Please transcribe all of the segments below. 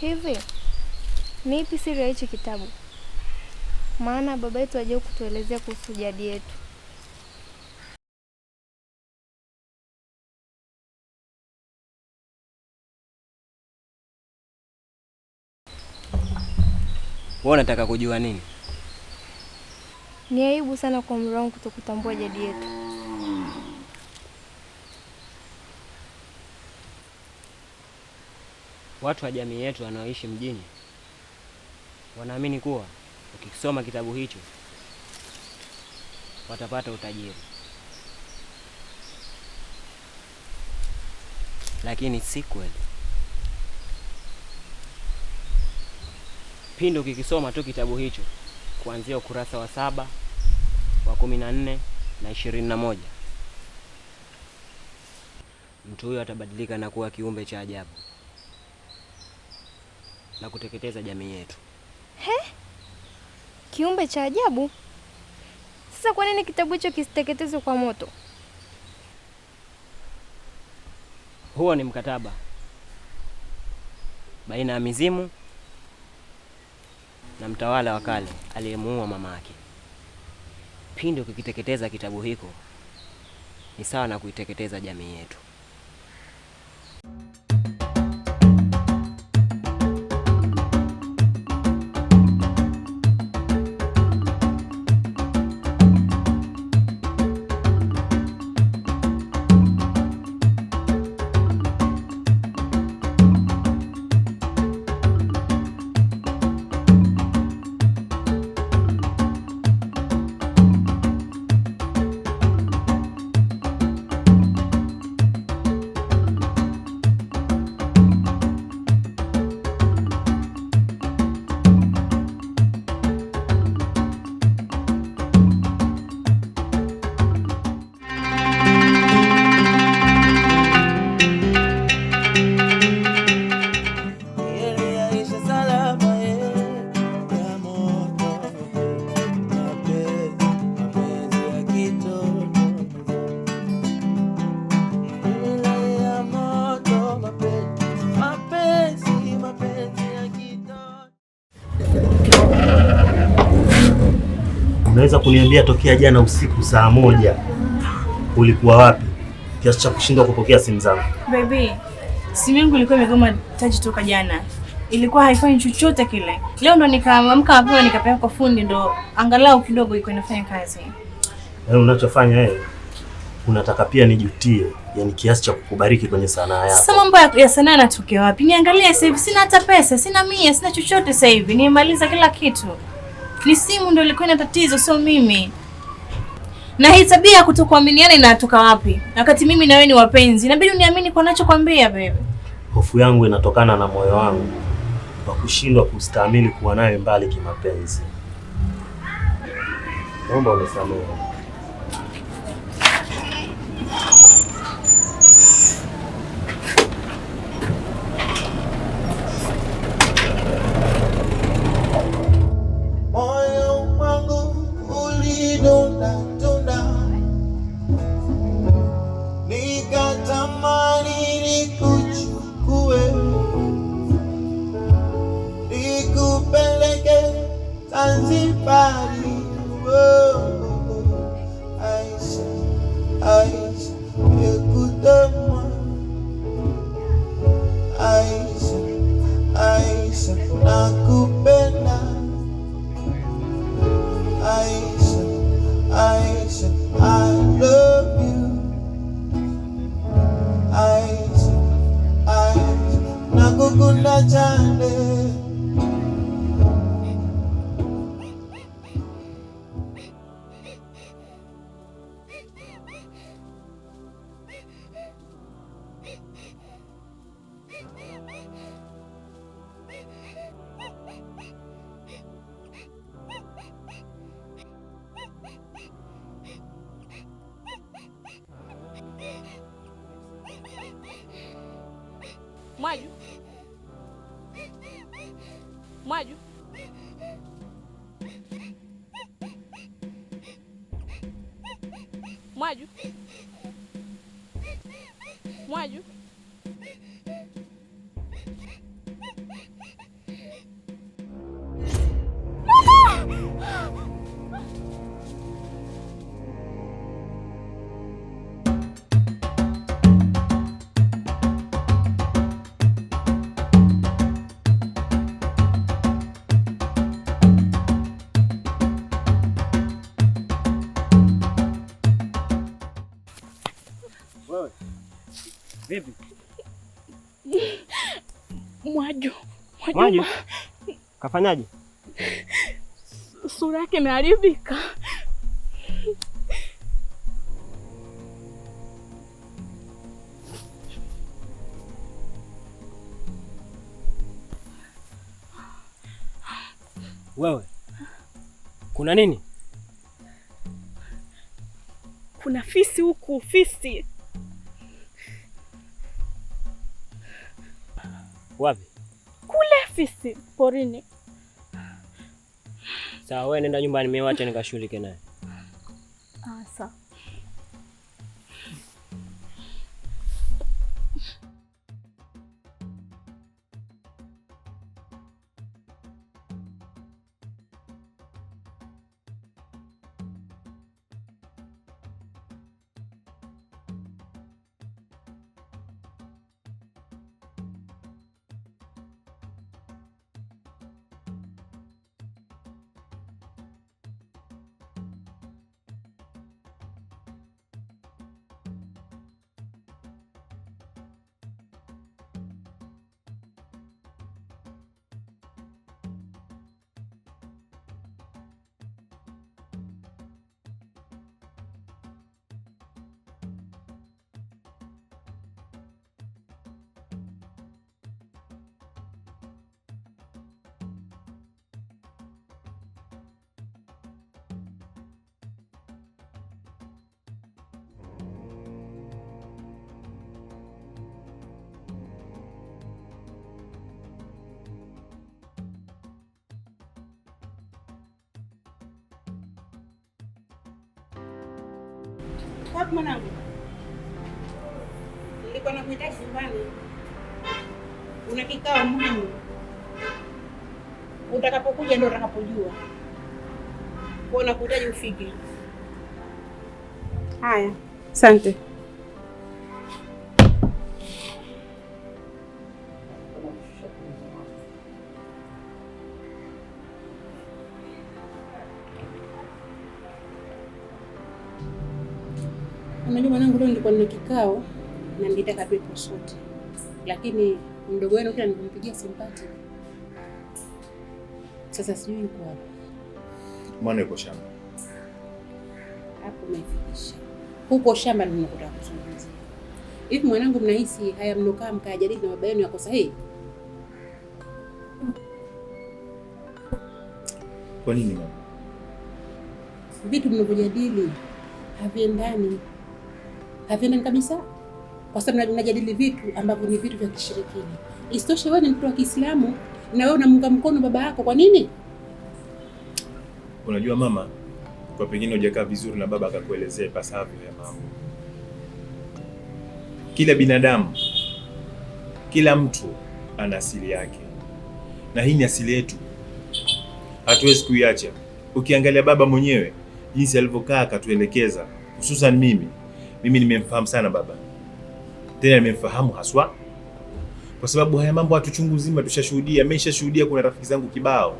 Hivi ni ipi siri ya hichi kitabu? Maana baba yetu hajao kutuelezea kuhusu jadi yetu. Wewe unataka kujua nini? Ni aibu sana kwa umri wangu kutokutambua jadi yetu. Watu wa jamii yetu wanaoishi mjini wanaamini kuwa ukisoma kitabu hicho watapata utajiri, lakini si kweli. Pindi ukikisoma tu kitabu hicho kuanzia ukurasa wa saba wa kumi na nne na ishirini na moja mtu huyo atabadilika na kuwa kiumbe cha ajabu na kuteketeza jamii yetu. He? Kiumbe cha ajabu. Sasa kwa nini kitabu hicho kisiteketezwe kwa moto? Huo ni mkataba baina ya mizimu na mtawala wa kale aliyemuua mama yake. Pindi ukikiteketeza kitabu hiko, ni sawa na kuiteketeza jamii yetu. unaweza kuniambia tokea jana usiku saa moja ulikuwa wapi kiasi cha kushindwa kupokea simu zangu? Baby, simu yangu ilikuwa imegoma taji toka jana, ilikuwa haifanyi chochote kile. Leo ndo nikaamka mapema nikapeleka kwa fundi, ndo angalau kidogo iko inafanya kazi. Yaani unachofanya wewe unataka pia nijutie, yani kiasi cha kukubariki kwenye sanaa yako. Sasa mambo ya sanaa yanatokea wapi? Niangalie sasa hivi, sina hata pesa, sina mia, sina chochote sasa hivi, nimemaliza kila kitu. Ni simu ndio ilikuwa ina tatizo, sio mimi. Na hii tabia ya kutokuaminiana inatoka wapi? Wakati mimi na wewe ni wapenzi, inabidi uniamini kwa nachokwambia bebe. Hofu yangu inatokana na moyo wangu wa kushindwa kustahimili kuwa naye mbali kimapenzi. Naomba unisamehe. aku Mayo. Kafanyaje? Kafanyaje? Sura yake imeharibika. Wewe kuna nini? Kuna fisi huku, fisi wapi? fisi porini. Sawa, wewe nenda nyumbani, mimi wacha nikashughulike naye. Wapi mwanangu? Nilikuwa nakuhitaji nyumbani, una kikao muhimu. Utakapokuja ndio utakapojua kuona kuhitaji ufike. Haya, asante. Unajua mwanangu, leo nilikuwa nina kikao na nilitaka tuwepo sote, lakini mdogo wenu kila nikumpigia simpati. Sasa sijui yuko wapi. Mwana yuko shamba. Hapo umeifikisha. Huko shamba ndio nakutaka kuzungumza. Hivi mwanangu, mnahisi haya mlokaa mkayajadili na baba yenu yako sahihi? Kwa nini mama? Vitu mnavyojadili haviendani haviendani kabisa, kwa sababu mnajadili vitu ambavyo ni vitu vya kishirikina. Isitoshe wewe ni mtu wa Kiislamu na wewe unamunga mkono baba yako, kwa nini? Unajua mama, kwa pengine hujakaa vizuri na baba akakuelezea ipasavyo ya mambo. Kila binadamu, kila mtu ana asili yake, na hii ni asili yetu, hatuwezi kuiacha. Ukiangalia baba mwenyewe jinsi alivyokaa akatuelekeza, hususan mimi mimi nimemfahamu sana baba, tena nimemfahamu haswa, kwa sababu haya mambo hatu chungu zima tushashuhudia, ameshashuhudia. Kuna rafiki zangu kibao,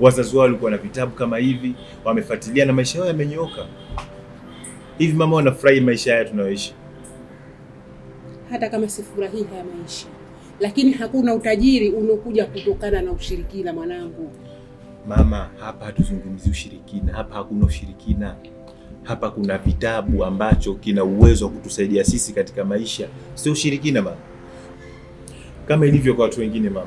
wazazi wao walikuwa na vitabu kama hivi, wamefuatilia na maisha yao yamenyooka hivi. Mama, wanafurahi maisha haya tunayoishi. Hata kama sifurahii haya maisha, lakini hakuna utajiri uliokuja kutokana na ushirikina, mwanangu. Mama, hapa hatuzungumzi ushirikina, hapa hakuna ushirikina hapa kuna vitabu ambacho kina uwezo wa kutusaidia sisi katika maisha, sio ushirikina mama, kama ilivyo kwa watu wengine mama.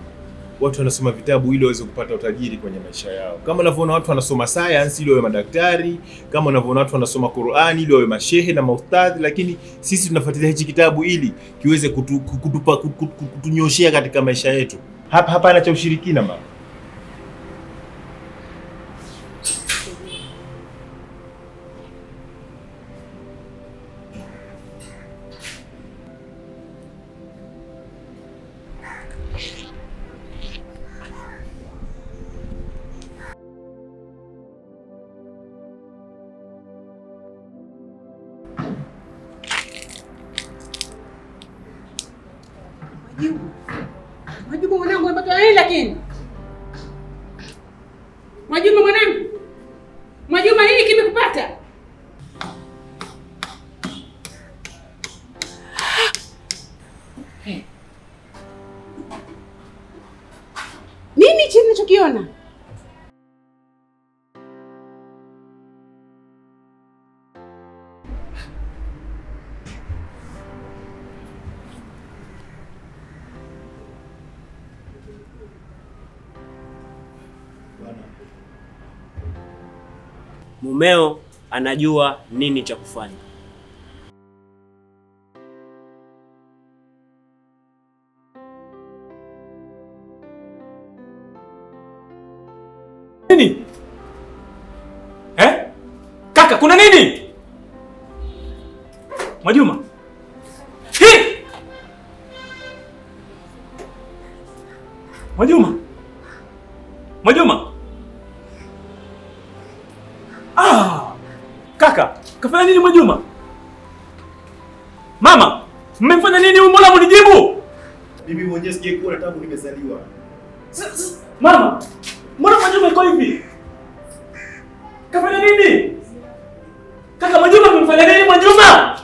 Watu wanasoma vitabu ili waweze kupata utajiri kwenye maisha yao, kama unavyoona watu wanasoma science ili wawe madaktari, kama unavyoona watu wanasoma Qur'ani ili wawe mashehe na maustadhi. Lakini sisi tunafuatilia hichi kitabu ili kiweze kutu, kutupa kutunyoshea katika maisha yetu. Hapa hapana cha ushirikina mama. Unajiona? Mumeo anajua nini cha kufanya. haraka, kuna nini? Mwajuma, Hi! Mwajuma, Mwajuma, ah, kaka kafanya nini Mwajuma? Mama, mmefanya nini huyu? Mbona mnijibu? Mimi mwenyewe sijai kuona tangu nimezaliwa. Mama, mbona Mwajuma iko hivi? Kafanya nini? Kaka, Mwajuma mmemfanya nini Mwajuma?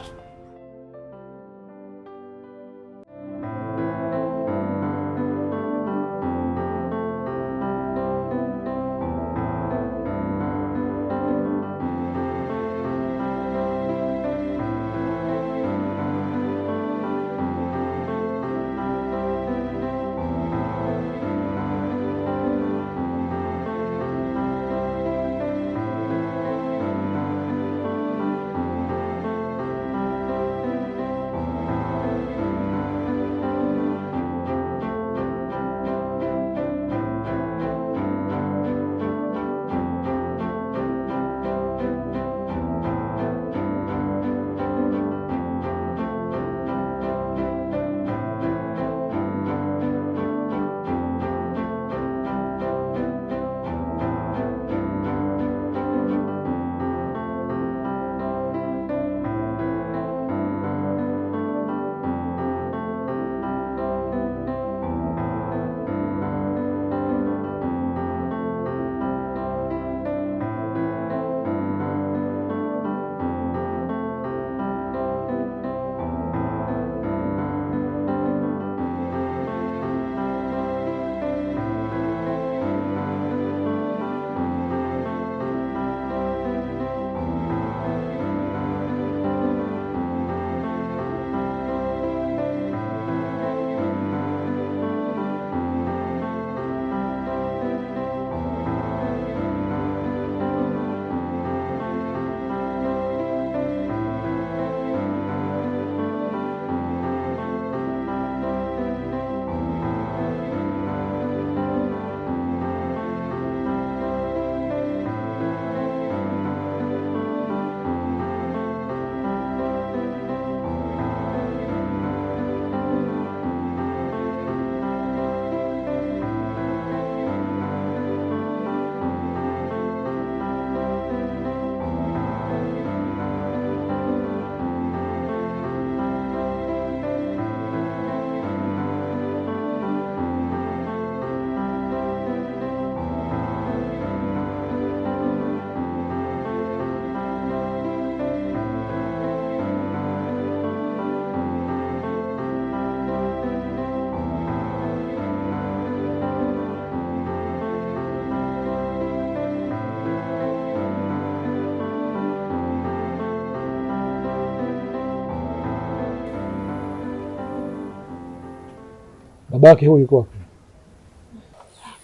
Babake huyu yuko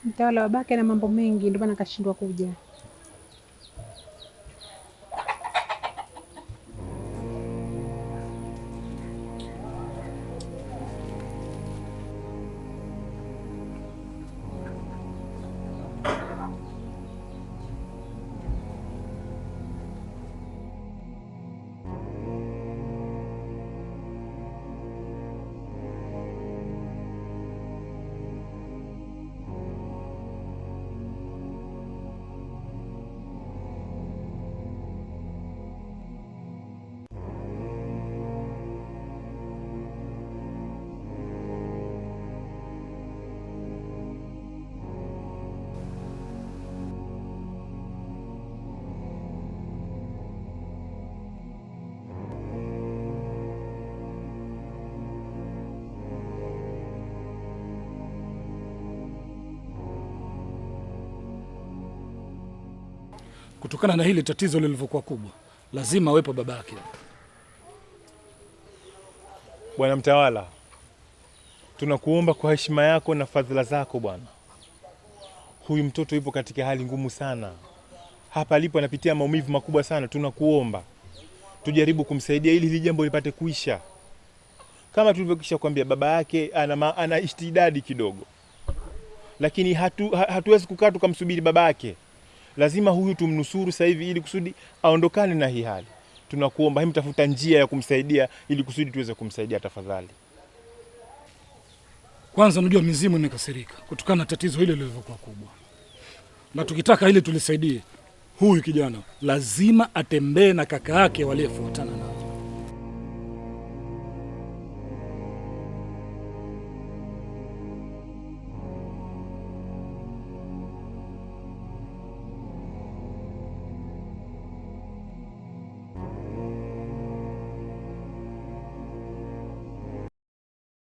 Mtawala babake na mambo mengi, ndio maana akashindwa kuja. kutokana na hili tatizo lilivyokuwa kubwa, lazima awepo yake. Bwana mtawala, tunakuomba kwa heshima yako na fadhila zako bwana, huyu mtoto yupo katika hali ngumu sana. Hapa alipo anapitia maumivu makubwa sana. Tunakuomba tujaribu kumsaidia ili hili jambo lipate kuisha. Kama tulivyokisha kuambia baba yake ana, ana istidadi kidogo, lakini hatu, hatuwezi kukaa tukamsubiri baba yake lazima huyu tumnusuru sasa hivi ili kusudi aondokane na hii hali. Tunakuomba hem, tafuta njia ya kumsaidia ili kusudi tuweze kumsaidia tafadhali. Kwanza unajua mizimu imekasirika kutokana na tatizo hili lilivyokuwa kubwa, na tukitaka ili tulisaidie, huyu kijana lazima atembee na kaka yake waliyefuatana nao.